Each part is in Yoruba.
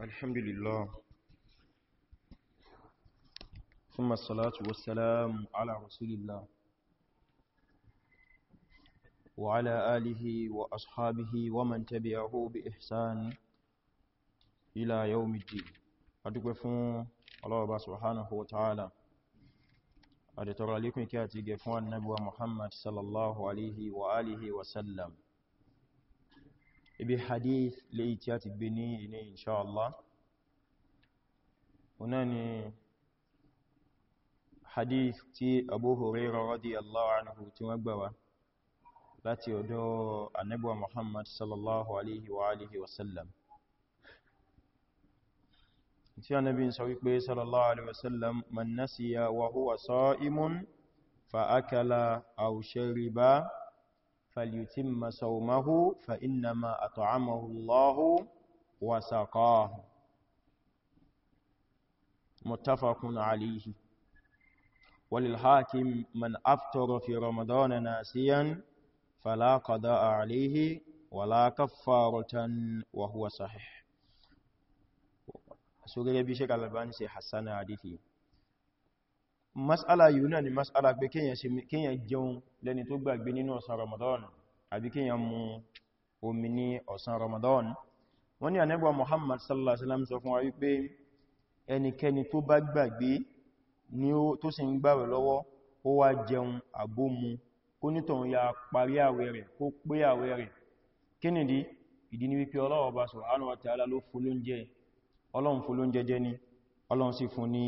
الحمد لله ثم الصلاة والسلام على رسول الله وعلى آله وأصحابه ومن تبعه بإحسان إلى يوم الدين أتكفون الله سبحانه وتعالى أدتر عليكم كاتب محمد صلى الله عليه وآله وسلم ibi hadith lè tí a ti gbé ní ilé inṣáàlá ọ̀nà ni hadith tí abu hurairah radiyallahu anhu tí wọ́n gbà wá láti ọ̀dọ̀ ànábì wa muhammad sallallahu alaihi wa alihi wasallam tí ànábì sọ wípé sallallahu alaihi wasallam man nasiya wa huwa sa'imun fa akala aw shariba فليتم صومه فإنما أطعمه الله وسقاه متفق عليه وللحاكم من أفطر في رمضان ناسيا فلا قضاء عليه ولا كفارة وهو صحيح سوري بشكل الباني سي حسن حديثي mas'ala yìí náà ni mas'ala pé kíyàn jẹun lẹ́ni tó gbàgbé nínú ọ̀sán Ramadan àbí kíyàn mu omi ní ọ̀sán Ramadan wọ́n ní ànẹ́gbà Muhammad sallallahu alaihi wasallam sọ fún wa wípé ẹnikẹ́ni tó bá gbàgbé ni ó tó sì ń gbàwẹ̀ lọ́wọ́ ó wá jẹun àbómu kó nítọ̀un ya parí àwẹ̀ rẹ̀ kó pé àwẹ̀ rẹ̀ kí nìdí ìdí ni wípé Ọlọ́run bá subhanahu wa ta'ala ló fún Ọlọ́run fún lóúnjẹ ni Ọlọ́run sì fún ní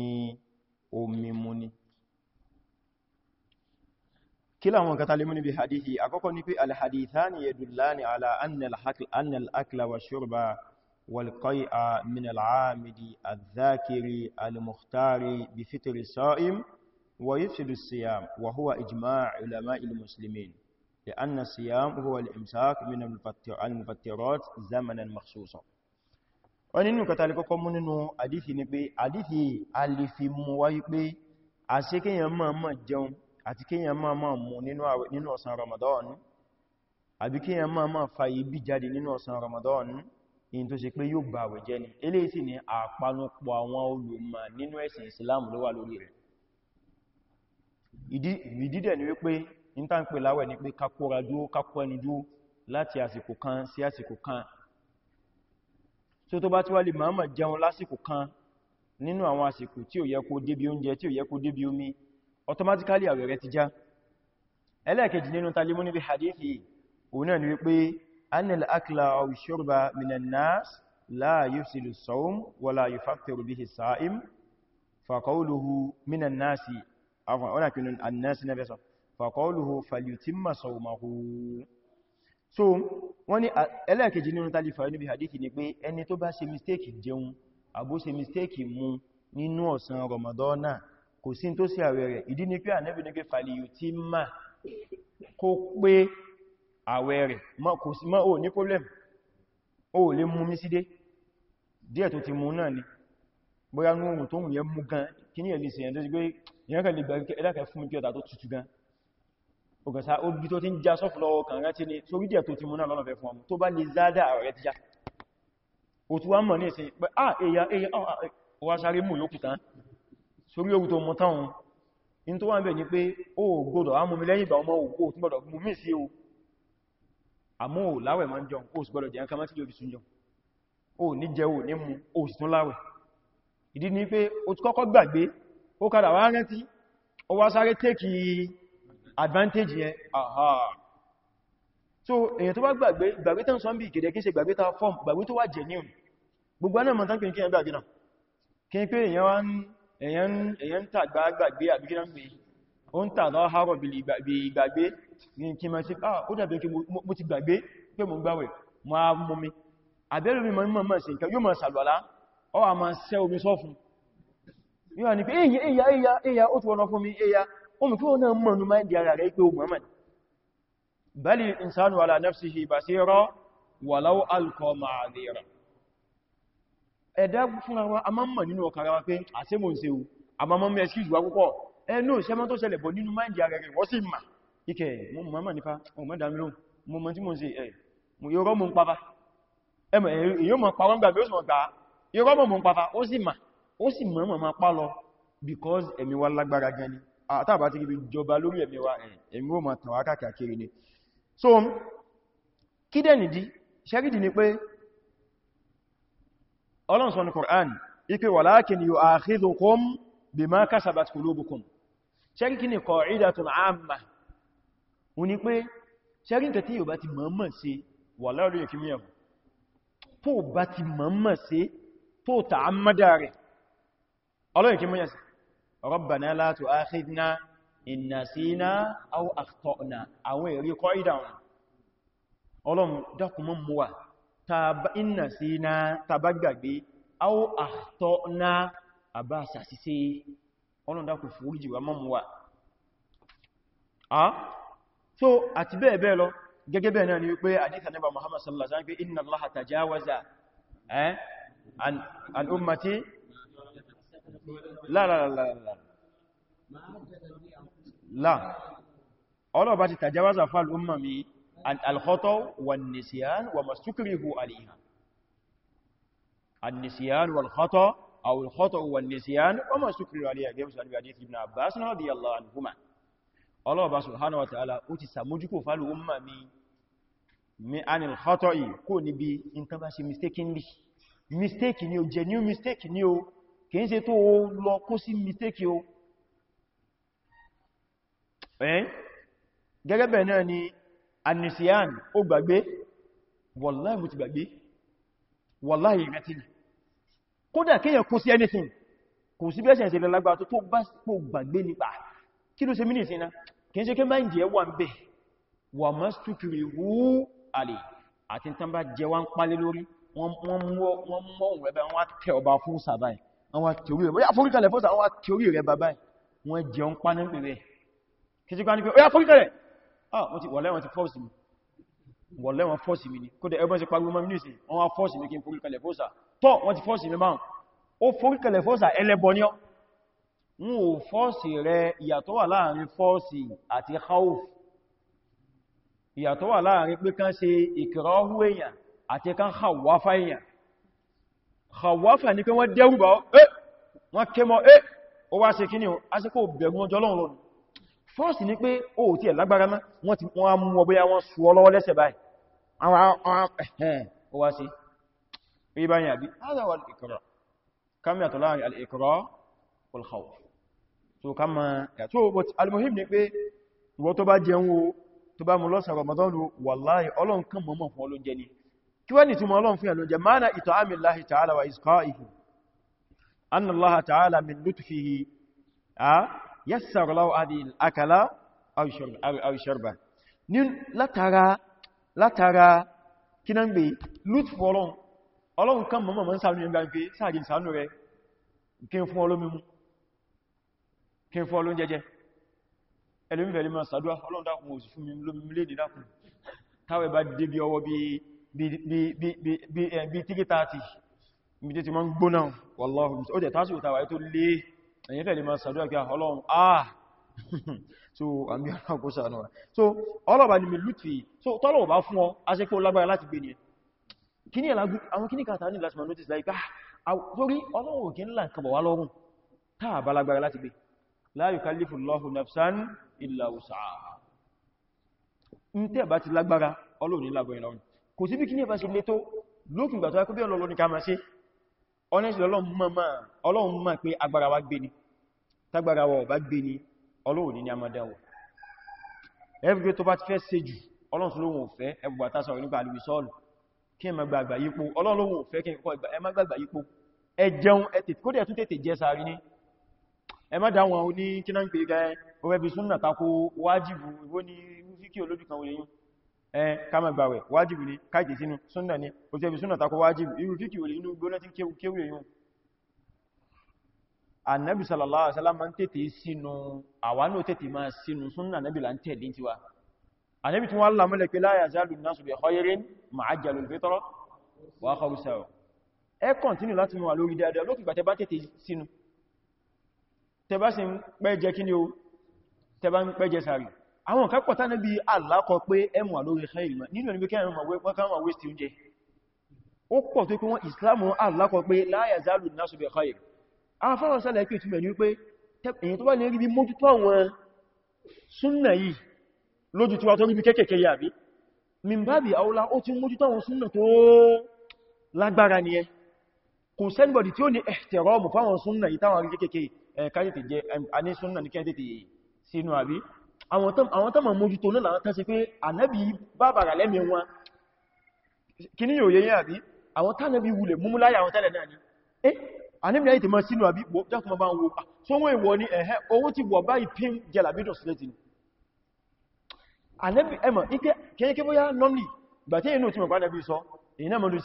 omi mú ní kí láwọn kata lè mú ní bí hadithi akọ́kọ́ ní pé alhadithani yadullani ala anna akla wa shurba walqai'a min al'amidi al zakiri al-mukhtari bi fitri sa'im wa yufsidu siyam wa huwa ijma' ulama il-muslimin لأن الصيام هو الإمساك al المفترات زمنا مخصوصا wọ́n nínú kọta lè kọ́kọ́ mú nínú àdífì ni pé àdífì a lè fi mú wáyé pé a ṣe kíyàn máa máa jẹun àti kíyàn máa máa mú nínú ọ̀sán Ramadan àbí kíyàn máa máa fa ibi jáde nínú ọ̀sán Ramadan in tó ṣe pé yóò bà wẹ̀ jẹ́ ni eléyìí sì ni àpanupọ̀ àwọn olùmọ̀ nínú ẹ̀sìn Islam ló wà lórí rẹ̀ ìdídẹ̀ ni wípé in tá láti àsìkò kan sí àsìkò kan so tó bá ti wá lè máa jẹun lásìkò kan nínú àwọn àsìkò tí ò yẹ kó débi oúnjẹ tí ò yẹ kó débi omi automatically àwẹ̀ rẹ̀ ti já ẹlẹ́ẹ̀kejì nínú talimú níbi hadithi òun náà ni wípé anil akla aw shurba minan nas la yufsidu sawm wa la yufakkiru bihi sa'im fa qawluhu wọ́n ní ah, ẹlẹ́ẹ̀kejì nínú tàlífà níbi hadithi ni pé ẹni tó bá ṣe mistake jẹun àbó ṣe mistake mu nínú ọ̀sán Ramadana kò sí tó sí àwẹ̀ rẹ̀ ìdí ni pé ànẹ́bì ní pé fàlìyù tí ma kó pé àwẹ̀ rẹ̀ kò sí ò ní ni ògbẹ̀sá ó bí tó ti ń já sọ́fù lọ́wọ́ kan rántí ní tó rídíẹ̀ tó ti múná lọ́lọ́fẹ́ fún ọmọ tó bá lè zádà rẹ̀ ti já ó tún wá mọ̀ ní ìsìn pé à èyà èyà wá sáré mú yóò kùtán sórí ogun tó mú táwọn in tó wá ń bẹ̀ ní pé ó gbọ́dọ̀ á mú mi lẹ́yìn ìgbà ọmọ òkú tí gbọ́dọ̀ mú advantage yẹn aha so èyàn tó bá gbàgbé gbàgbé tán sọ́nbí ìkèdè kí ṣe gbàgbé ta form gbàgbé tó wà genuine gbogbo náà mọ̀ tán kí n kí ẹ gbàgbé náà kí n pé èyàn ń tàgbà gbàgbé àbíkí náà pé ó ń tàgbà harọ̀ bí ìgbàgbé ní kí ma sí ah ó dàbí kí mo ti gbàgbé pé mo gbàwẹ̀ mo á mú mi àbẹ́rù mi mọ̀ mọ̀ sí nǹkan yóò mọ̀ sàlọ́lá ọ a máa sẹ́ omi sọ́fún yóò ní pé èyà èyà èyà ó ti wọ́n fún mi èyà ó mú kí wọ́n náà mọ̀nú máa ń di ara rẹ̀ pé ogun mọ̀ bali insanu ala nafsihi basira walau alqa ma'adira ẹ̀dá fún àwọn amọ́mọ̀ nínú ọkàrà wa pé àṣẹ́mọ̀ ń sewu àmọ́mọ́ mẹ́ excuse wa ẹnú ìṣẹ́mọ́ tó ṣẹlẹ̀ bọ̀ nínú máa ara rẹ̀ wọ́n sì mà ikẹ̀ mọ́ nípa ọmọ àtàbà ah, ti ríbi jọba lórí ẹ̀mí wa mm. ẹ̀mí ó ma tàwà káàkiri ni so kí dẹ̀ nìdí ṣẹ́rìdì ni pé Ọlọ́run sọ Qur'an ipé walakin yu'akhidhukum bima kasabat qulubukum ṣẹ́rì kí ni qa'idatun 'amma wọ́n ni pé ṣẹ́rì nǹkan tí yóò bá ti mọ̀mọ̀ sí wà lọ́rọ̀ ìfimí ẹ̀bù tó bá ti mọ̀mọ̀ sí tó ta'ammada ربنا لا تؤاخذنا إن نسينا أو أخطأنا àwọn ẹ̀rí kọ́ìdà wọn ọlọ́run dákùnmọ́ mú wa إن نسينا tàbágbàgbé أو أخطأنا àbá sàṣìṣe ọlọ́run dákùn fòójì wa mọ́ mú wa so àti bẹ́ẹ̀ bẹ́ẹ̀ lọ gẹ́gẹ́ bẹ́ẹ̀ náà ni wípé àdíkà nípa Muhammad sallallahu alaihi wasallam pé láà ọlọ́ọ̀bá ti tàjáwázà fàl umma mi alkhọ́tọ̀ wa nìsíyàn wa mastukrihu alìhà النسيان والخطأ أو الخطأ والنسيان وما سكر عليه جمس عن حديث ابن عباس رضي الله عنهما الله با سبحانه وتعالى ó ti ṣàmójúkò falu umma mi mi anil khata'i kò ní bí in tá bá ṣe mistake ni mistake ni o genuine mistake ni o kìí ṣe tó lọ kó sí mistake o ẹ́n gẹ́gẹ́ náà ni anisiyan ó gbàgbé wallahi mo ti gbàgbé wallahi ìrètí ni kódà kíyàn kó sí anything kò sí bẹ́ẹ̀ṣẹ̀ ìṣẹ̀lẹ̀ lágbàá tó tó bá pò gbàgbé nípa kí ló ṣe mí nìsín náà kìí ṣe kí máa ń jẹ́ wà ń bẹ̀ wà má stúkìrì wú àlè àti tán bá jẹ wá ń pálé lórí wọ́n mọ́ òun rẹ̀ bẹ́ wọ́n tẹ ọba fún sàbáyìí àwọn àtìorí rẹ̀ bóyá foríkalẹ̀ fọ́sà àwọn àtìorí rẹ̀ bàbá wọn jẹun pánà rẹ̀ kìtí kwá ní pé ó yá foríkalẹ̀ ah wọ́n ti wọ̀lẹ́ wọn ti fọ́ọ̀sì mi wọ̀lẹ́ wọn fọ́ọ̀sì mi ni kódẹ̀ ẹgbẹ́ sí pariwo mọ́mí nìsìn wọ́n wá fọ́ọ̀sì mi kí n foríkalẹ̀ fọ́sà tọ́ wọ́n ti fọ́ọ̀sì mi máa ó foríkalẹ̀ fọ́sà ẹlẹ́bọ ni ọ́ ń ò fọ́ọ̀sì rẹ̀ ìyàtọ̀ wà láàrin fọ́ọ̀sì àti khawf ìyàtọ̀ wà láàrin pé kán ṣe ìkìrọ̀hú èèyàn àti kán hàwáfá èèyàn khawafa ní pé wọ́n dẹ́rù bá ẹ́ eh, wọ́n ké mọ́ ẹ́ eh, o wá ṣe kíní àsìkò bẹ̀rù wọn jọlọ́run lọ́nà first ní pé o tí ẹ̀ lágbára má wọ́n ti wọ́n mú ọ bóyá wọ́n sú ọ lọ́wọ́ lẹ́sẹ̀ báyìí o but al muhim ní pé ìwọ tó bá jẹun o tó bá mú lọ́sàn kí wọ́n ni túnmọ̀ ọlọ́run fún ẹ̀lọ́jẹ̀ mana ìtọ̀ àmì láhì ta'ala wa isqa'ihi an Allah ta'ala min lutfihi a yassar law adi akala aw sharba ni látara látara kí náà gbé lutfu ọlọ́run ọlọ́run kan mọ́mọ̀ táwẹ̀ bá débi ọwọ́ bíi bí 330 mi jẹ́ ti mọ́ ń gbóná wàláhù ó jẹ́ tásí òtàwà tó lé ẹ̀yìn fẹ́ lè máa sàdúrà kí ọlọ́run ah so àmì aláàkó sàánà so ọlọ́bà ni mi lùtì so tọ́lọ̀ bá fún ọ aṣẹ́kọ́ lágbára láti gbé ni ẹ kíní àwọn kíní kàtà ní last man notice like ah torí ọlọ́run kí ńlá nǹkan bọ̀ wá lọ́rùn táà bá lágbára láti gbé la yukallifu Allahu nafsan illa wus'aha ń tẹ́ bá ti lágbára ọlọ́run ní lágbára lọ́rùn kò sí bí kí ní ẹ̀bá sí lé tó lókùn ìgbà tó wá kó bí ọlọ́lọ́ ní ká máa ṣe honestly ọlọ́run mọ̀ pé agbára wa gbé ni tágbára wa ọ̀bá gbé ni ọlọ́run ní a máa dáwọ̀ every tó bá ti fẹ́ ṣe jù ọlọ́run lóhun ò fẹ́ ẹgbùgbà tásà rẹ̀ nípa àlùbí sọ́ọ̀lù kí ẹ má gbàgbà yípo ọlọ́run lóhun ò fẹ́ kí ẹ má gbàgbà yípo ẹ jẹun ẹ ẹn eh, kama gbàwẹ̀ wájìbì ní káìkì sínú súnnà ní o tẹ́bi súnnà takọ wájìbì irú fíkì wèrè inú gbóná tí kéwú èyàn annabi sallallahu alaihi wasallam tètè sínú àwánú tètè máa sínú súnnà nabi la ń tẹ̀lé ti wa annabi tún wọ́n lámọ́lẹ̀ pé la yazalu nasu bi khairin ma'ajjalu al-fitra wa akharu sawa ẹ kọ̀ntínú láti mọ́ wà lórí dáadáa lókùgbà tẹ bá tètè sínú tẹ bá sì ń pẹ́ jẹ àwọn kan pọ̀ tánàbí alákọ̀ pé ẹmù àlórí khair ma nínú ẹni pé wọ́n kàn wà waste oúnjẹ ó pọ̀ tó pé wọ́n islamu alákọ̀ pé la yazalu nasu bi khair afọ́wọ́ sálẹ̀ pé ìtumẹ̀ ní pé èyí tó bá ní rí bí mójútó àwọn súnnà yìí lójú tí wá tó rí bí kékèké yà bí min bábi aula ó ti mójútó àwọn súnnà tó ni ẹ kò sẹ́nbọ̀dì tí ó ní ẹ̀tẹ̀rọ̀mù fáwọn súnnà yìí táwọn rí kékèké ẹ̀ káyẹ̀ àwọn tán mọ̀ mójútó náà láwọn tán sí pé ànábì bàbàrà lẹ́mí wọn kí ní òye yẹn àbí àwọn tánàbí wulẹ̀ múmú láyé àwọn tẹ́lẹ̀ náà ni eh ànábì láyé tèmọ́ sínú àbí jákùnmọ́ bá ń wo tó wọ́n ìwọ ni ẹ̀hẹ́ owó ti wọ̀ báyìí pín jẹlàbídọ̀ sílẹ̀ tì ní ànábì ẹmọ̀ ike kéèké bóyá normally ìgbà tí inú tí mọ̀ pàdé bí sọ èyí náà mọ́dún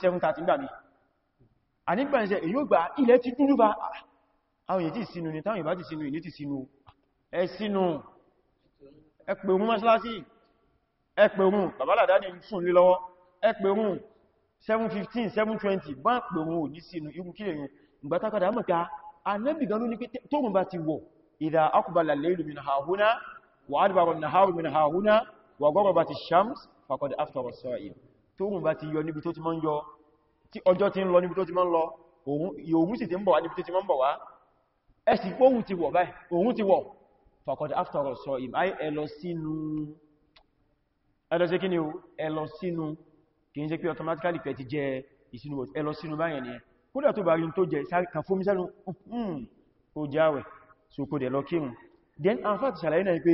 ni táwọn ìbá ti sínú ìní ti sínú ẹ̀pẹ̀ òun mọ́sálásí ẹ̀pẹ̀ òun babalada ní sùn lé lọ́wọ́ ẹ̀pẹ̀ òun 715 720 bá pẹ̀ òun ò ní sínú irú kílẹ̀ yẹn ìgbàtàkàdà mọ̀ká anẹ́bì ganú ní pé tóòrùn bá ti wọ̀ ìdá akùbàlà lẹ́lù min hahuna wà adìbàrọ̀ naharu min hahuna wà gọ́rọ̀ shams faqad aftara as-sa'im tóòrùn bá ti yọ níbi tó ti mọ́ ń yọ tí ọjọ́ ti ń lọ níbi tó ti mọ́ ń lọ òun sì ti fàkọ̀dá after all sọ ìm áì ẹlọ sínú ẹlọ sí kí ni o ẹlọ sínú kì í ṣe pé automatically pẹ̀ ti jẹ ìsinú ẹlọ sínú báyẹ̀ ni ẹ kódà tó bá rí tó jẹ kà fún mísẹ́nu hmm, ó jáwẹ̀ so kó dẹ̀ lọ kírun then in fact ṣàlàyé náà pé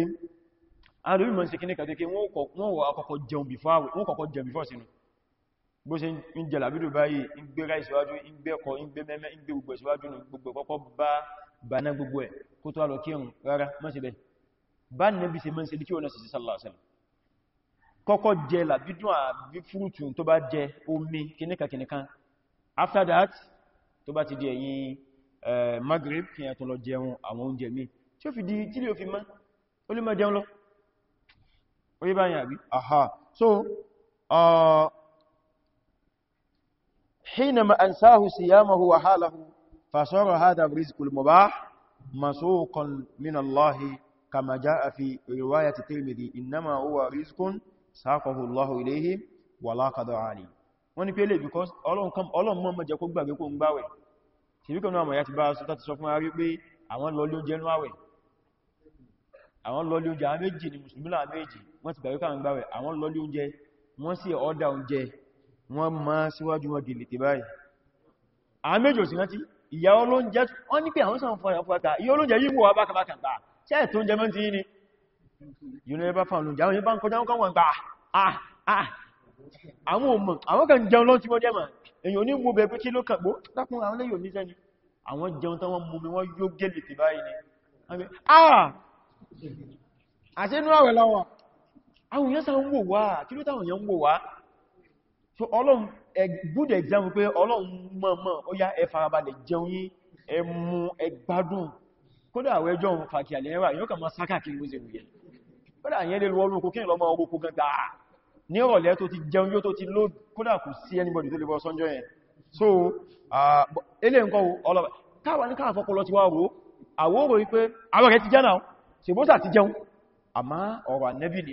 ààrùn ìmọ̀ sí kíní kàtẹ́kẹ́ wọ́n wọ before sínú bó ṣe ń jẹ làbídò báyìí ń gbé ráìsíwájú ń gbé ẹ̀kọ́ ń gbé mẹ́mẹ́ ń gbé gbogbo ìsíwájú gbogbo ìpọ́pọ́ bàná gbogbo ẹ̀ kó tó alọ kírùn rárá mọ́sí bẹ́ bá nẹ́bí se mọ́sí ní kí wọ́n sì sallallahu alaihi wasallam kọ́kọ́ jẹ làbídùn àbí fúrútù tó bá jẹ omi kìníkà after that tó bá ti di ẹ̀yìn Maghrib kí yàtọ̀ lọ jẹun àwọn oúnjẹ mi tí ó fi di aha so uh, hínàmà ansáhù síyámahu wa فصار هذا الرزق المباح مسوقا من الله كما جاء في رواية الترمذي إنما هو رزق ساقه الله إليه ولا قضاء عليه wọ́n ni pé lè because ọlọ́run mọ́ mọ́jẹ kó gbàgbé kó ń gbáwẹ̀ ṣe bí kọ̀nà àmàyà ti bá sọ tàti sọ fún arí pé àwọn lọlé oúnjẹ ní àwẹ̀ àwọn lọlé oúnjẹ àwọn méjì ni musulmi láà méjì wọ́n ti gbàgbé ìyá olóúnjẹ wọ́n ní pé àwọn sàn fún ọ̀pọ̀ta ìyá olóúnjẹ yíwò wà bákàbákà gbà ṣẹ́ tó ń jẹ mọ́ ti yí ni yìí ní ẹbá fún olóúnjẹ àwọn yẹn bá ń kọjá ń kọwọ́n gbà ah, ah. àwọn ọmọ àwọn kan jẹun lọ́n tí wọ́n jẹ́mà so ọlọ́run good example pé ọlọ́run mọ̀mọ̀ ó yá ẹ farabalẹ̀ jẹun yín ẹ mu ẹ gbádùn kódà àwọn ẹjọ́ òun fàkì àlẹ́wà yóò kà mọ́ sáká kí ló zèrò yẹn kódà àyẹ́ lè lọ́rùn kó kíyàn lọ́mọ ọgbókó gangba ní ọ̀rọ̀lẹ́ tó ti jẹun ti so ilé nǹkan ọlọ́ba káwà ní káàfọ́ pọlọ ti wá ro àwòrò wípé àwọn rẹ̀ ti jẹ́ náà ṣe bó sà ti jẹun àmá ọ̀rọ̀ ànẹ́bì ní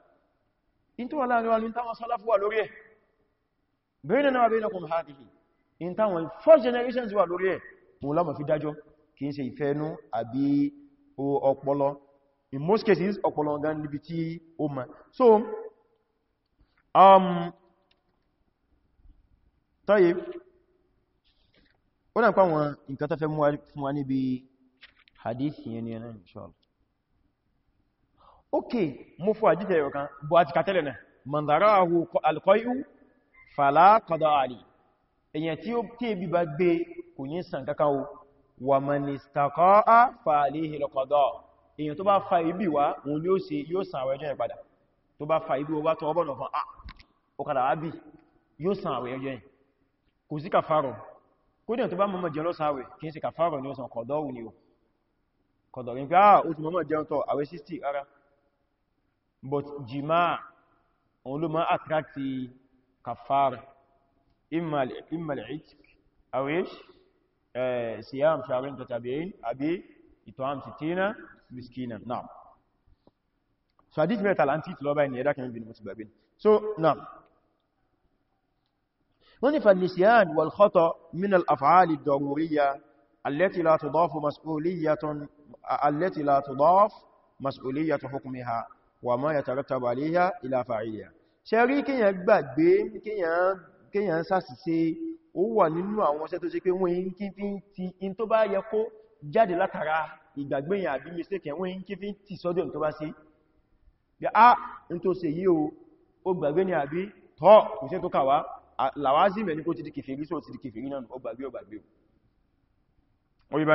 in tó wà láàrin wa ní táwọn sálàfù wà lórí ẹ̀ bẹ́ẹ̀rẹ̀ náà bẹ́ẹ̀ lọ́kùn hàtìkì generations e. in most cases ọpọlọ gan níbi tí ó ma so um tọ́yẹ ó náà pàwọn nǹkan tó fẹ́ mú wa níbi hadith yẹn ni ẹ̀nà inshallah okay mo fún àjíkẹ̀ ẹ̀rọ kan bó àti kàtẹ́lẹ̀ náà mandarahu alkoiu fàlá kọ̀dọ̀ àrí èyàn tí ó tí ebi bá gbé kò yí sàn kankan o wà manistakọ́ á fàálé hìlọ̀kọ̀dọ̀ èyàn tó bá fa ibi wá òun ni ó ṣe yóò sàn àwẹ̀ ẹjọ́ ìpadà tó bá fa ibi wá tọwọ́ bọ̀nà fún à ah, ọkàdà wá bí 60 ah, rárá but jima on ló máa attracti kafara imma al'itk awish siyam sharin tatabi'in abi itam sitina miskina na'am so hadith metal anti lọ ba ni ẹ̀dá kan bin mutubabin so na'am wani fa nisyan wal khata min al-af'al ad-daruriyya التي لا تضاف مسؤولية التي لا تضاف مسؤولية حكمها wà máa yatarattabu alayha ila fa'iliha ṣe rí kíyàn gbàgbé kíyàn sàṣìṣe ó wà nínú àwọn ṣẹ́ tó ṣe pé wọ́n kí fi ń ti in tó bá yẹ kó jáde látara ìgbàgbéyàn ti sí bí a ń tó ṣe ni àbí tọ́ kò sí tó kàwá làwází mẹ́ni kó ti di kèfèrí só ti di kèfèrí náà ó gbàgbé ó gbàgbé ó rí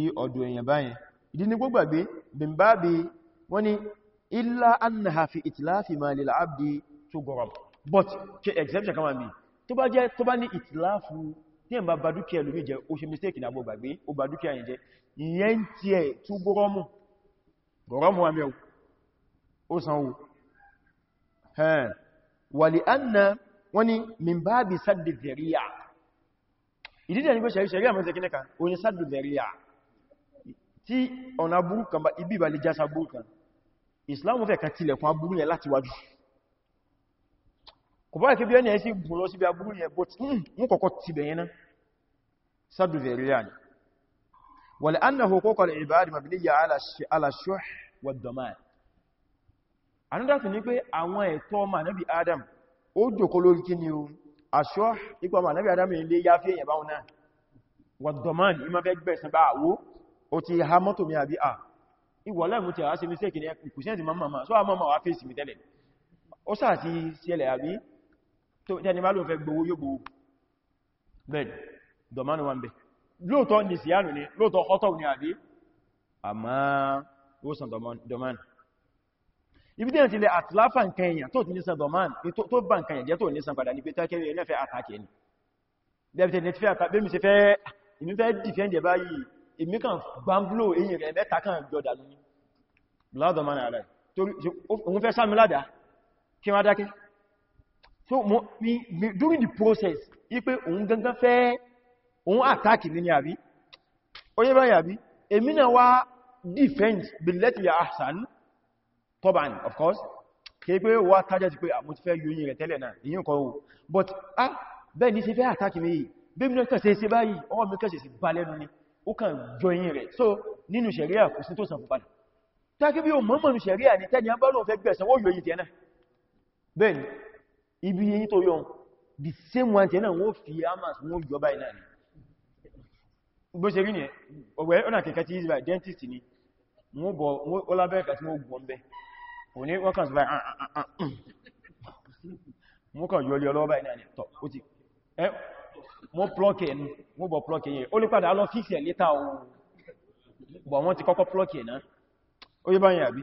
èèyàn báyìí ìdí ni gbogbo bimbabi wọ́n ni illa annaha fi itlafi ma lil abdi tughrab but ke exception kan wà bí tó bá jẹ́ tó bá ní ìtìláàfù tí ẹ̀ bá bá dúkìá lórí jẹ́ ó ṣe mistake ìdàbò gbàgbé ó bá dúkìá yẹn jẹ́ ìyẹn tí ẹ̀ tó gọ́rọ́mù gọ́rọ́mù wa mẹ́wù ó sanwó wàlì anna wọ́n ni min bá bí sáàdì zẹ̀ríyà ìdídẹ̀ ní pé ṣẹ̀ríyà mọ́ tí ọ̀nà aburú kan bá ibi ìbàlẹ̀ jásá aburú kan Islam fẹ́ kan tilẹ̀kùn aburú yẹn láti wájú kò bá ìkébí ẹni ẹ̀sí gùn lọ síbi aburú yẹn but mú kọ̀kọ́ ti bẹ̀yẹn náà sádù veriliani wà lè annahu huquq al-ibad mabniyya ala shuh wa daman anúdá fi ní pé àwọn ẹ̀tọ́ ma nábi Adam ó jòkó lórí kí ni o aṣọ́ ipa ma nábi Adam ilé yáfẹ́ yẹ̀bá wọn náà wa daman ìmọ́fẹ́ gbẹ̀sán bá àwó ó ti ha mọ́tò mi àbí à ah, ìwọ̀lẹ́ ti àwá sí sí ẹ̀sì ma máa so a máa wá fèsì mi tẹ́lẹ̀ ó sáà ti síẹlẹ̀ àbí tó tẹni má ló fẹ́ gbowó yóò gbowó bẹ́ẹ̀ dọ̀mánu wa ń bẹ lóòtọ́ ní síyánù ni lóòtọ́ ọtọ́ ni àbí àmá ó san dọ̀mánu ibi tẹ́yàn ti lẹ àtìláfà nǹkan èèyàn tó ti ní san dọ̀mánu tó bá nǹkan èèyàn jẹ́ tó ní san padà ní pé tẹ́kẹ́rẹ́ ẹ̀lẹ́fẹ́ fẹ́ àtàkẹ́ mi fẹ́ èmi kan gbámblò èyí rẹ̀ mẹ́ta kan gbọ́dà lóní ládọ̀ mọ́nà àrẹ torí òun fẹ́ sáàmì ládàá kí wá dákẹ́ so during the process ipé òun gangan fẹ́ òun àtàkì ní àbí oye báyìí àbí èmi náà wá defend billati ya ahsan toban of course kí pé wá target pé àmú ah, ti fẹ́ yóyin rẹ̀ tẹ́lẹ̀ náà èyí but ah bẹ́ẹ̀ ni ṣe fẹ́ àtàkì mi yìí bí mi náà kẹsẹ̀ sí báyìí ọwọ́ ó kàn join rẹ̀ so nínú ṣẹ̀ríà kò sí tó san fún padà tákí bí o mọ́mọ̀ nù ṣẹ̀ríà ní tẹ́ni abọ́lùn fẹ́ gbẹ̀san wó yóò yìí tẹ́nà bẹ́ẹ̀ni ibi yìí tó yọ the same one tẹ́nà wó fi amas wó jọba ìlà ni bó ṣe rí ni ọgbẹ̀ ọ̀nà kẹ̀kẹ́ ti ìzìbà dentist ni wọ́n bọ̀ ó lábẹ́ẹ̀kà tí wọ́n gbọ́n ah, ah, ah, yọ ni tọ́ ó ti mọ́ wọ́n bọ̀ plọ́kì yẹn ó ní padà lọ fífì ẹ̀ létà ohun bọ̀ wọ́n ti kọ́kọ́ plọ́kì ẹ̀ náà ó yí báyìí àbí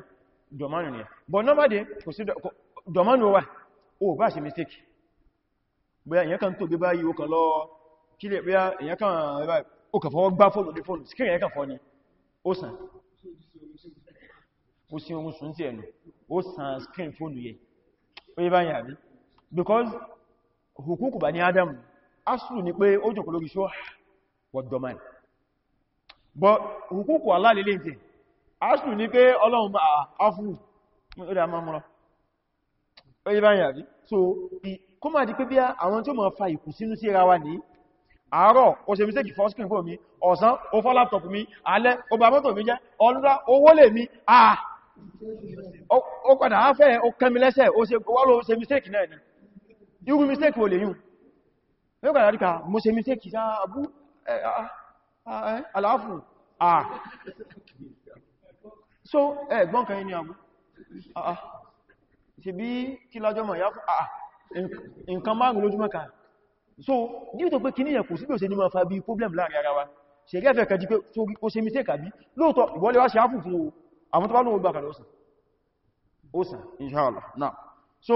dọ̀mánù ni ẹ̀ bọ̀ nọ́bàdé kò sí dọ̀mánù wà ó bá ṣe mistake bóyá èyàn kan tó gbé báyìí ó kàn lọ kílẹ̀ bóyá èyàn kan ó kàn fọwọ́ gbá fóònù ní fóònù sí kíyàn kan fọ́ ni ó sàn ó sí ohun sùn sí ẹnu ó sàn screen fóònù yẹ ó yí because hukuku bá ní Adam asùlù ni pé ó jòkó lórí ṣọ́ wọ́dọ̀mán bọ̀ hukuku aláàlélé tí asùlù ni pé ọlọ́run bá afúrù ó dá máa mọ́rọ̀ ó yí báyìí àbí so kó máa di pé bí àwọn tí ó máa fa ìkù sínú sí rawa ní àárọ̀ ó ṣe mistake for screen fún mi ọ̀sán ó fọ́ laptop mi alẹ́ ó bà mọ́tò mi jẹ́ ọlúra owó lè mi ah ó padà á fẹ́ ó kẹ́mi lẹ́sẹ̀ ó ṣe mistake náà ni irú mistake wo lè yùn yóò gbàdá ríkà mo ṣe mistake sá abú aláàfù àà so ẹgbọ́n kan ní abú àà ti bí kí lájọ́ mọ̀ yá fún àà nǹkan márùn lójúmọ́ kan so díò tó pé kí ní ẹ̀kù sí bí ó ṣe ní ma fa bí problem láàrin ara wa ṣe rí ẹ̀fẹ́ kẹjí pé ó ṣe mistake àbí lóòtọ́ ìwọ́lẹ̀ wá ṣe áfù fún àwọn tó bá lóògbà kàlọ́sàn ó sàn inshallah náà so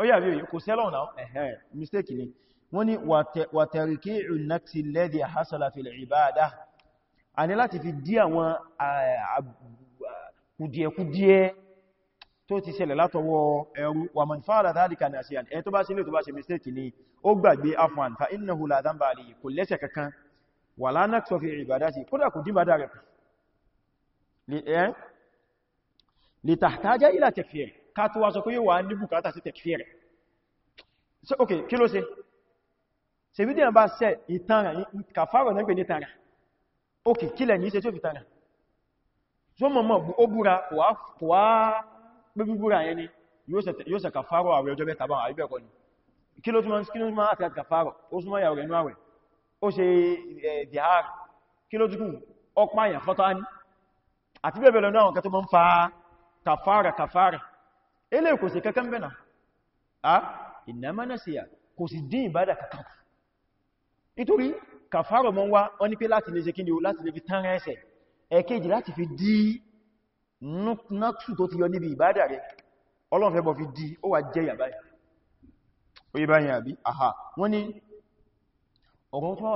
ó yà bí kò sẹ́lọ̀ náà ẹ̀hẹ́ mistake ni wọ́n ni wàtẹ̀ríkí ìrìnàtí lẹ́dí àhásọ́lá fi ìbáadá a ní láti fi dí àwọn kùdíẹ̀kùdíẹ̀ tó ti ṣẹlẹ̀ látọwọ́ ẹrú wà mọ̀ fàádà tàbíkà ní àṣíyàn ẹ tó bá sílé tó bá ṣe mistake ni ó gbàgbé afwan fa li tahtaja ila ká tó wá sọ pé yóò wá ní bùkátà sí tẹ̀kfẹ́rẹ̀ so ok kí ló ṣe ṣe bí díẹ̀ bá ṣe ìtara kàfàrọ̀ náà pè ní tara ok kí lẹ̀ ní ṣe tó fi tara so mọ̀ mọ̀ ó búra kò wá pé búra yẹn ni yóò ṣe kàfàrọ̀ àwẹ̀ ọjọ́ mẹ́ta bá àríbẹ̀ ni kí ló túnmọ̀ kí ló túnmọ̀ àti àti kàfàrọ̀ ó súnmọ́ ìyàwó rẹ̀ nú lọ náà kẹtọ́ mọ́ ń fa kàfàrà kàfàrà ilé kò sí kankan bẹ́nà a innama nasiya kò sí dín ìbádà kankan nítorí kàfàrọ̀ mọ́ wá wọ́n ní pé láti lè ṣe kí ni o láti lè fi tán ẹsẹ̀ ẹ̀kejì láti fi dí nátù tó ti yọ níbi ìbádà rẹ̀ ọlọ́run fẹ́ bọ́ fi dí ó wà jẹ́ yàbáyà ṣẹ́rẹ́ ọ̀rẹ́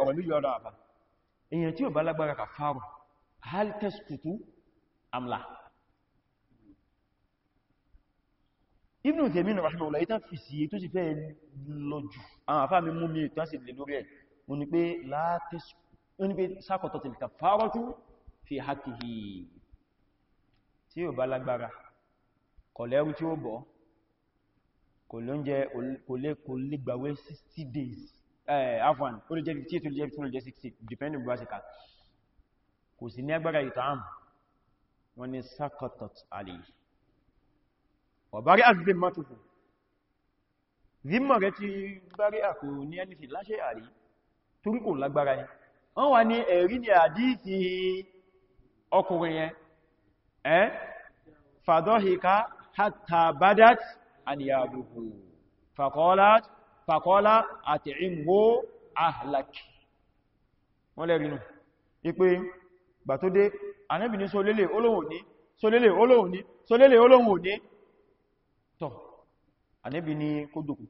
ọ̀rẹ́ lójú ọ̀rọ̀ àbá èyàn tí ò bá lágbára kàfàrù hal tasqutu am la Ibn Taymiyyah rahimahullah ìtàn fi sí tó sì fẹ́ lọ́jù àwọn àfáà mi mú mi ìtàn sì lè lórí ẹ̀ wọ́n ní pé la saqatat al kaffaratu fi haqqihi tí ò bá lágbára kò tí ó bọ́ kò lè gbàwẹ̀ 60 days Eh, afwan ó lè jẹ́ 50 tó lè jẹ́ 50 lè jẹ́ 60 depending bá ṣe ká kò sí ní agbára ìtọ́ àmì wọ́n ni sakatot alì ọ̀bárí àgbé mọ́tòfò zimọ̀ rẹ̀ ti bárí àkò ní ẹnìfì láṣẹ àrí torí kò lágbára ni wọ́n wà ní ẹ̀rí ní àdíìsì ọkùnrin yẹn ẹ́ eh? fàdọ́hìká hátàbádát àníyàbùkù fàkọ́lát fàkọ́lá àti ìmò ahlaki wọ́n lẹ́rìnù ipé gbà tó dé Ànábì ní sólélè olóhùn ní sólélè olóhùn ní sólélè olóhùn ní tọ́ Ànábì ní kó dòkù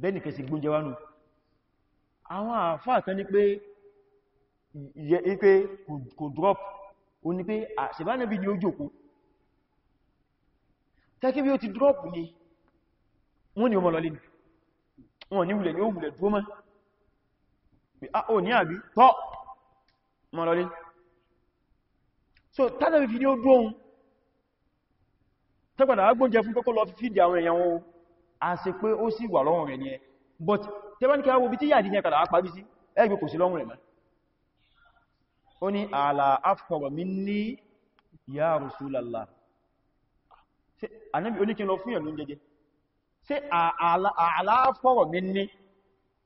bẹ́ẹ̀ni kẹsì gbóúnjẹ wánú àwọn àfáà kan ní pé yẹ ipé kò drop o ní pé àṣìbá ní ó tẹ́kí bí ó ti drop ni wọ́n ni ọmọ lọ wọn ní wùlẹ̀ ní ó wùlẹ̀ dúó mọ́ pé a ah, ó ní àbí tọ́ mọ́ lọlé so tánàbí fi ní ó dúó ohun tẹ́gbàdà agbóúnjẹ fún pẹ́kọ́ lọ fídí àwọn èèyàn wọn a ṣe pé ó sì wà lọ́rùn but tẹ́bánikí a wo bí tí yà dìyàn kàdà apá bí sí ẹgbẹ́ kò sí lọ́rùn rẹ̀ ṣe àlàáfọ́rọ̀ mi ní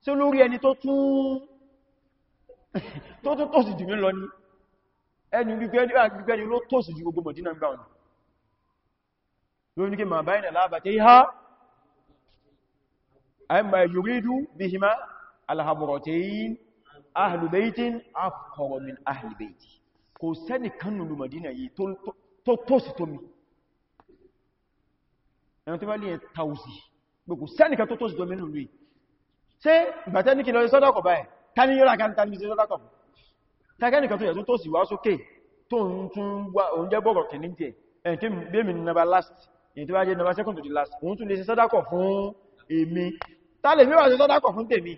ṣe lórí ẹni tó tún tó tún tòsì jù mí lọ ní ẹni gbígbẹ́ni ló tòsì jù gbogbo Mọ̀dínà ground lórí ní kí ma báyìí nà lábàtẹ́ ihá ẹmà yuridu bihima alhamuratayn ahlu baytin yìí ẹni tó bá lè tàùsì gbogbo sẹ́nìkà tó tó sì domin lórí ṣe ìgbàtẹ́ ní kí lọ sọ́dọ̀kọ̀ báyẹ̀ tani yóò rákan tani sí sọ́dọ̀kọ̀ tagẹ́nìkà tó yẹ̀ tó sì wá sókè tó ń tún wá oúnjẹ bọ́gọ̀ kìíní jẹ ẹni tó bẹ́ mi nàbà last èyí tó bá jẹ́ nàbà second to the last òun tún lè sí sọ́dọ̀kọ̀ fún èmi tá lè mẹ́wàá sí sọ́dọ̀kọ̀ fún tèmi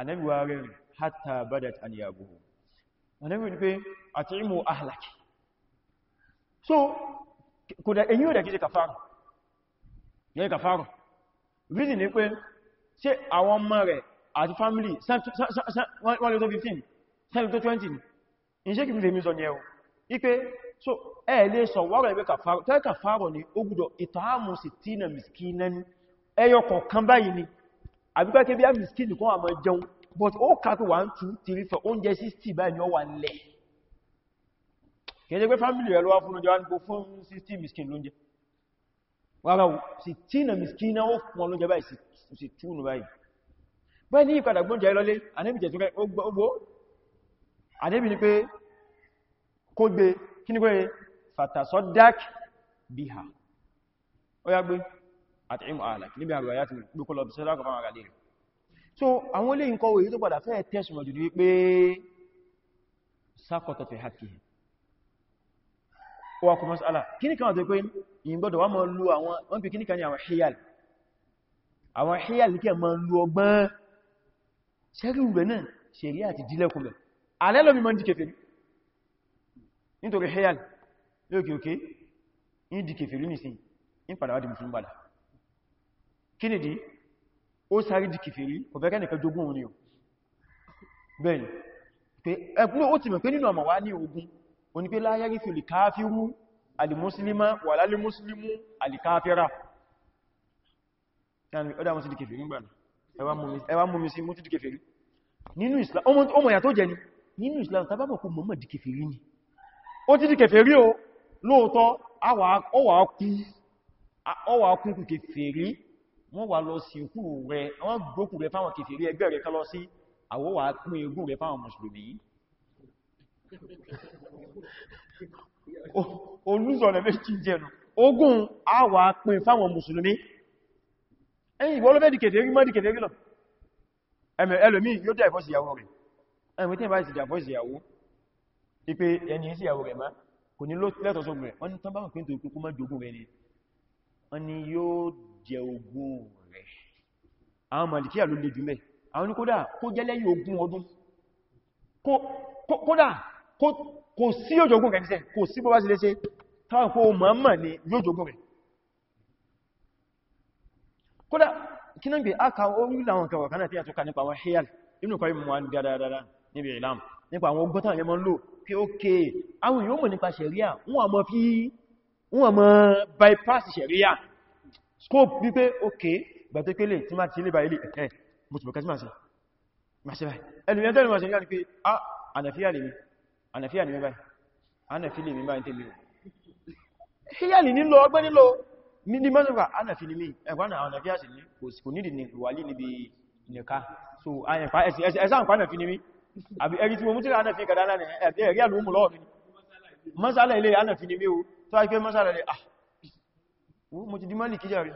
anẹ́bíwá rẹ̀ hátà badat aniyabu anẹ́bíwá ni pé àti ìmú ahlaki so kò dẹ̀ èyí ò dẹ̀ kìí ṣe kàfàrù yẹ́ kàfàrù rízì ní pé ṣe àwọn ọmọ rẹ̀ àti fámílì wọ́n lè tó 15 sẹ́lẹ̀ tó 20 ní ìṣẹ́ kìí fèmí sọ ní ẹ̀wọ̀ ipé so ẹ lè sọ wọ́rọ̀ ẹgbẹ́ kàfàrù tẹ́ kàfàrù ní ó gbọ́dọ̀ ìtààmù sí tínà miskinan ẹyọ kọ̀ọ̀kan báyìí ni àbíkọ́ kébí á miskin kan àmọ́ jẹun but ó kàpẹ̀ 1 2 3 4 oúnjẹ 60 báyìí ni ó wà lẹ̀ kẹjẹ pé fámílì rẹ̀ lọ́wọ́ fún ọjọ́ wá fún 60 miskin lóúnjẹ wọ́n bá 60 miskin náà ó fún ọlóúnjẹ báyìí sí túnú báyìí báyìí ní ìpadà gbóúnjẹ lọ́lé anẹ́bì jẹ̀ tó rẹ̀ ogbó anẹ́bì ni pé kó gbé biha ó yá gbé àti ìmọ̀ àlà níbi àrùwà yá ti gbókó lọ bìsẹ́ so àwọn ilé ìkọwò èyí tó padà fẹ́ tẹ́sùn ọ̀dùdú wípé sákọ̀tọ̀ fi hakìí ó wá kọ masala kíní kan tó pé ìyìn gbọ́dọ̀ wá máa lo àwọn wọ́n pè kíní kan ní àwọn hiyal àwọn hiyal ní kí máa lo ọgbọ́n ṣẹ́rí rẹ̀ náà ṣẹ̀rí àti dílẹ́kùn rẹ̀ alẹ́lọ́mí máa ń dìkẹ̀ fèrí nítorí hiyal lókè òkè ní dìkẹ̀ fèrí nìsìn ní padà di mùsùlùmí padà kí nìdí ó sáré dìkẹ̀ fèrí kò fẹ́ kẹ́nìkan jogún òun ni ò ó ní pé la yarithu al-kāfiru al-muslima wala al-muslimu al-kāfira nínú Islam tàbábọ̀ kò mọ̀mọ̀ di kèfèrí ni ó ti di o lóòtọ́ ọwà kúnkù kèfèrí wọ́n wà lọ sí ikú rẹ̀ wọ́n gbókù rẹ̀ fáwọn kèfèrí ẹgbẹ́ rẹ̀ kálọ sí àwọ́wà kún egún rẹ̀ fáwọn mùsùlùmí olúsọ̀rẹ̀ méjì jẹnu ogun a wà pín fáwọn mùsùlùmí ẹ̀yìn ìwọ́n lọ́fẹ́ dìkẹ̀tẹ̀ rí mọ́dí kẹ̀tẹ̀ rí lọ ẹlòmí yóò dá ìfọ́sí ìyàwó rẹ̀ ẹ̀mí tí ìbá ìsìdí àfọ́sí ìyàwó ipé ẹni sí ìyàwó rẹ̀ má kò ní lẹ́tọ̀ sógun rẹ̀ wọ́n ni tán bá wọn pín tó kú má jogun rẹ̀ ni wọ́n ni yóò jẹ ogun rẹ̀ àwọn kò sí òjògùn kẹ̀kẹ́ kò sí bọ́bá sí léṣe táàkó mọ̀mọ̀ ni yóò jògùn rẹ̀ kódà kí náà gbé aka orílẹ̀ àwọn kẹwàá kanáà tí a tọ́ka nípa àwọn hiyal inú kọrí mọ̀ wá dáadáa níbi ìlàm nípa àwọn ọgbọ́ta àwọn ẹmọ́n lò pé ókè àwọn yóò mọ̀ nípa ṣẹ̀ríà wọ́n a mọ̀ fi wọ́n a mọ̀ bypass ṣẹ̀ríà scope wípé ókè gbàtẹ́kẹ́lẹ̀ tí máa ti lé báyìí ẹ̀ẹ́ mo ti bọ̀ kẹ́ ànàfíà ní mẹ́bàá ànàfí lè mẹ́bàá tẹ́lẹ̀ o ṣíyà lè nílò ọgbẹ́ nílò ní mọ́sánfà ànàfí ní mí ẹ̀kwọ́n ànàfíà sì ní kò nídì ní wàlí níbi nìka so ẹ̀sán pa ànàfí ní mí àbí ẹ̀rí tí mo mú tí ànàfí kàdánà ní ẹ̀rí àlúmù lọ́wọ́ mi mọ́sálà ilé ànàfí ní ah mo ti di malikiya rí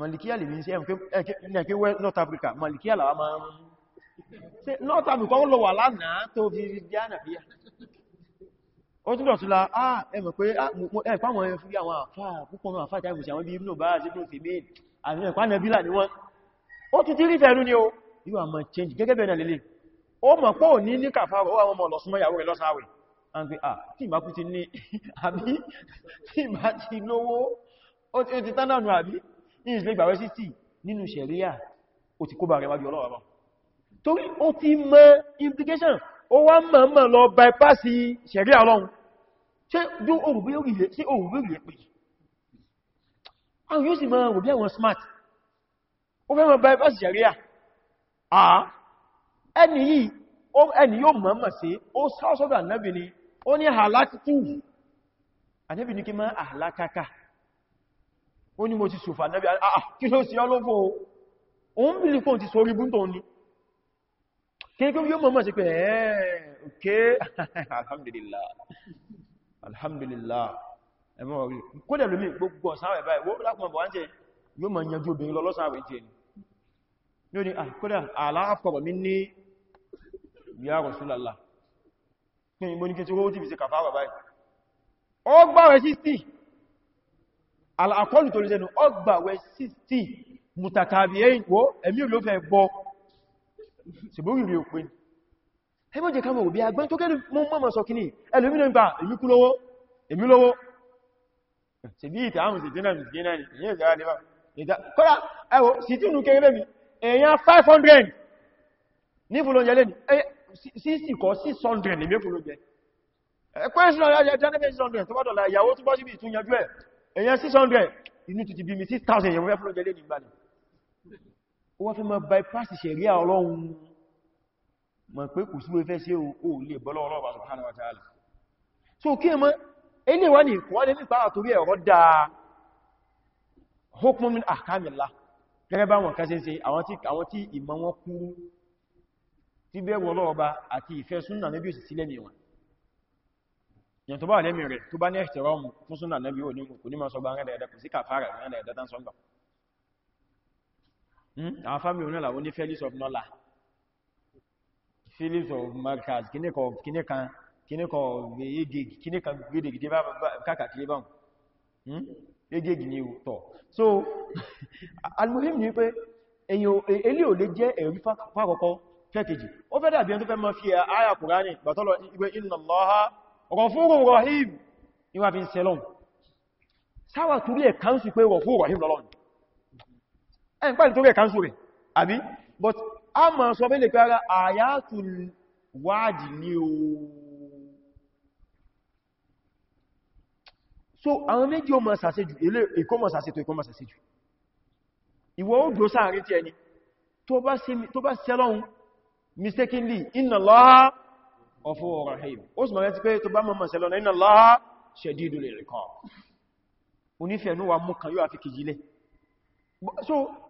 malikiya lè ní North Africa malikiya làwọn máa north africa wọ́n lọ wà lánàá tó fi di ànàbíyà ó tún dọ̀túnlá ah ẹmọ̀ pé ah, ẹ̀pá wọn fi àwọn àfáà púpọ̀ náà àfáà tàbí àwọn ibi ibùnà bá sí ibùnà fèmí àti ẹ̀pá nàbílà ní wọ́n ó tún ti rí fẹ̀rú ni ó yíwa mọ̀ change gẹ́gẹ́ bẹ̀rẹ̀ lélẹ̀ ó mọ̀ pọ̀ ní ní kàfàwọ̀ ó àwọn ọmọ lọ́súnmọ́ ìyàwó rẹ̀ lọ́sáwẹ̀ àti à ah, tí ìbá kú ti ní àbí tí ìbá ti lówó ó ti tánà nù àbí ní ìsìlẹ̀ ìgbàwẹ́ sí tì nínú ṣẹ̀ríà ó ti kó bàrẹ̀ wájú ọlọ́wọ́ torí ó ti mọ implication ó wá mọ̀ mọ̀ lọ bypass ṣẹ̀rí ọlọ́run ṣe jú òrùbí orílẹ̀ sí òrùbí orílẹ̀ pè àwọn yóò sì mọ̀ òbí àwọn smart ó fẹ́ mọ̀ bypass ṣẹ̀rí à ẹni yìí ẹni yóò mọ̀ mọ̀ sí ó sáọ́sọ́dọ̀ ànábì ni ó ní àhàlátítù ànábì ní kí mọ́ àhàlákáká ó ní mo ti sòfà ànábì ah, ah, kí ló sí ọlọ́fọ́ òun bí lè fóòn ti sórí búntọ̀ ni kéèkó yóò mọ̀ mọ̀ sí pé ẹ̀ẹ́ òkè alhamdulillah alhamdulillah ẹmọ́ orí kó dẹ̀ lómi gbogbo ọ̀sáwẹ̀ báyìí wó lápùmọ̀ bọ̀ wáńtẹ̀ yóò mọ̀ yanjú obìnrin lọ́lọ́sáwẹ̀ jẹ́ ni yóò ní àkódà aláàpọ̀pọ̀ mi ní ya Rasulullah kí ni mo ní kí ṣìgbórí rí òpin ẹgbẹ́ jẹ kàmọ̀ òbí agbẹ́ tó kẹ́lù mọ́ mọ́ sọ kìíní ẹlòmínà ń pa èmi kú lọ́wọ́ èmi lọ́wọ́ ṣe bí ìtà àmì sìtínà mìsìkínà ni èyí ìsára lè wà kọ́lá ẹwọ sìtínù kéré mi èyàn 500 ní fúlọ́jẹ́ lẹ́ni 60 kọ́ 600 ní mẹ́fúlọ́jẹ́ ẹ̀kọ́ ìṣúná wọ́n fi ma bypass ṣẹ̀ríà ọlọ́run mọ̀ pé kò sí wéfẹ́ sí o lè bọ́lọ́ ọlọ́ọ̀bá subhanahu so kí ẹmọ́ ilé wọ́n ni kọ́ lè nípa àtorí ẹ̀rọ dáa hukmun min ahkamillah gẹ́gẹ́ bá wọn kẹsẹ̀ sí àwọn tí ìmọ̀ wọn kúrú tí bẹ̀rù ọlọ́ọ̀bá àti ìfẹ́ súnnà Nábì òsì sílẹ̀ mi wọn yẹn tó bá lẹ́mì rẹ̀ tó bá ní ẹ̀ṣẹ̀rọ̀ mú fún súnnà Nábì ò àwọn hmm? family onílà ó ní feelings of nọ́là feelings of markers kíníkan kíníkan gídègídé bá kákàkiri báhùn hmm? egégi ni tọ̀ so almuhim ni pé èyàn elé ò lè jẹ́ ẹ̀rí fàkọ́kọ́ fẹ́kejì ó fẹ́ dàbí ẹn mọ́ fi àyà e Kùránì ẹn pàdé tó rẹ̀ káńsù rẹ̀ àbí but a ma sọ bẹ́lẹ̀ pé ara àyàtù wáàdì ní o so àwọn méjì o ma sàṣẹ́jù ilé èkó ma sàṣẹ́tò èkó ma sàṣẹ́jù ìwọ ó gbó sáàrin tí ẹni tó bá sẹ́lọ́un mistakenly inna Allah ọ̀fọ́ rahim ó sì mọ̀ rẹ̀ ti pé tó bá mọ̀ sẹ́lọ́un inna Allah shadidul iqab onífẹ̀ẹ́nú wa mú kan yóò àfi kìjìlẹ̀ so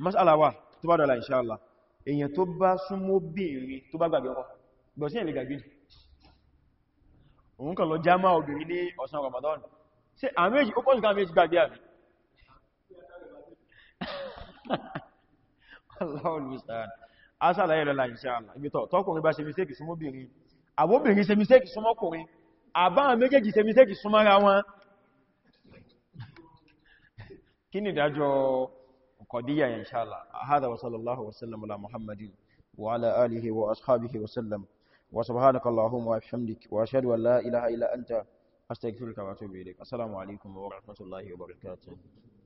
masala wa tó bá dọ̀la inṣáàlá èyàn tó bá súnmọ́ obìnrin tó bá gbàgbé ọkọ bọ̀ sí ẹ̀lẹ́ gbàgbé òun kàn lọ jámá obìnrin ní ọ̀sán Ramadan ṣe àmẹ́jì ó pọ̀sùn káàmẹ́jì gbàgbé àmì Allahul musta'an asàlá yẹ̀ lọ́la inṣáàlá ibi tọ̀ tọ́kùnrin bá ṣe mistake súnmọ́ obìnrin àbóbìnrin ṣe mistake súnmọ́ ọkùnrin àbá méjèèjì ṣe mistake súnmọ́ra wọn kí ni ìdájọ́ قضية إن شاء الله هذا وصلى الله وسلم على محمد وعلى آله وأصحابه وسلم وسبحانك اللهم وبحمدك وأشهد أن لا إله إلا أنت أستغفرك وأتوب إليك السلام عليكم ورحمة الله وبركاته